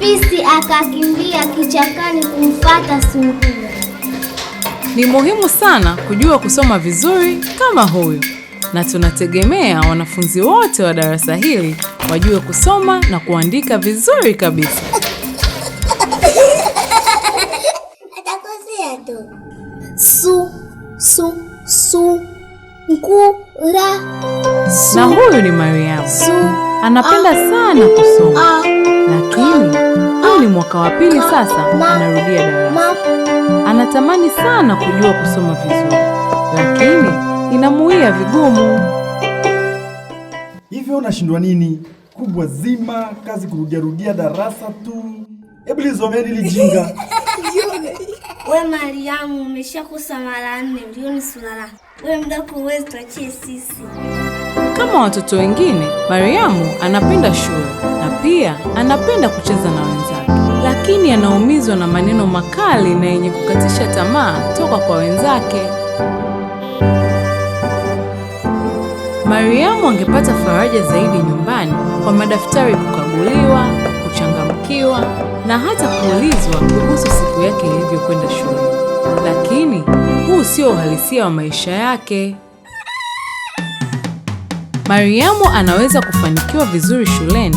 Fisi akakimbia kichakani kumfata sungura. Ni muhimu sana kujua kusoma vizuri kama huyu, na tunategemea wanafunzi wote wa darasa hili wajue kusoma na kuandika vizuri kabisa. Atakosea tu. Su, su, su, ngura. Na huyu ni Mariam. Su, anapenda sana kusoma. Mimi au ni mwaka wa pili sasa anarudia darasa. Anatamani sana kujua kusoma vizuri, lakini inamuia vigumu. Hivyo unashindwa nini? Kubwa zima kazi kurudiarudia darasa tu. Hebu lisomeni lijinga. We Mariamu, umeshakosa mara nne, ndio ni We mdako, huwezi tuachie sisi kama watoto wengine. Mariamu anapenda shule pia anapenda kucheza na wenzake, lakini anaumizwa na maneno makali na yenye kukatisha tamaa toka kwa wenzake. Mariamu angepata faraja zaidi nyumbani kwa madaftari kukaguliwa, kuchangamkiwa na hata kuulizwa kuhusu siku yake ilivyokwenda shule. Lakini huu sio uhalisia wa maisha yake. Mariamu anaweza kufanikiwa vizuri shuleni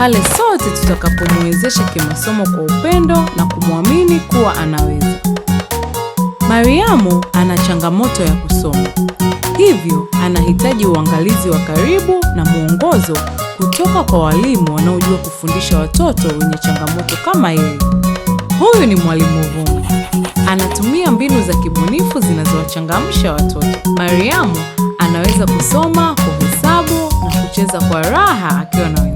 pale sote tutakapomwezesha kimasomo kwa upendo na kumwamini kuwa anaweza. Mariamu ana changamoto ya kusoma, hivyo anahitaji uangalizi wa karibu na mwongozo kutoka kwa walimu wanaojua kufundisha watoto wenye changamoto kama yeye. Huyu ni mwalimu Vumbi, anatumia mbinu za kibunifu zinazowachangamsha watoto. Mariamu anaweza kusoma, kuhesabu na kucheza kwa raha akiwa na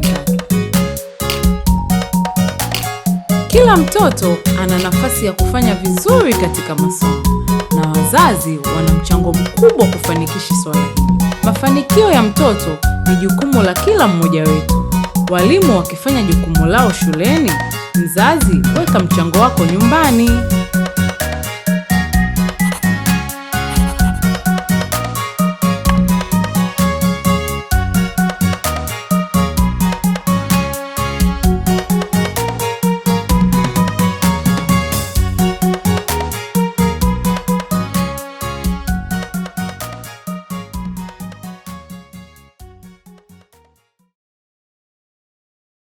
Kila mtoto ana nafasi ya kufanya vizuri katika masomo na wazazi wana mchango mkubwa kufanikisha swala hili. Mafanikio ya mtoto ni jukumu la kila mmoja wetu. Walimu wakifanya jukumu lao shuleni, mzazi weka mchango wako nyumbani.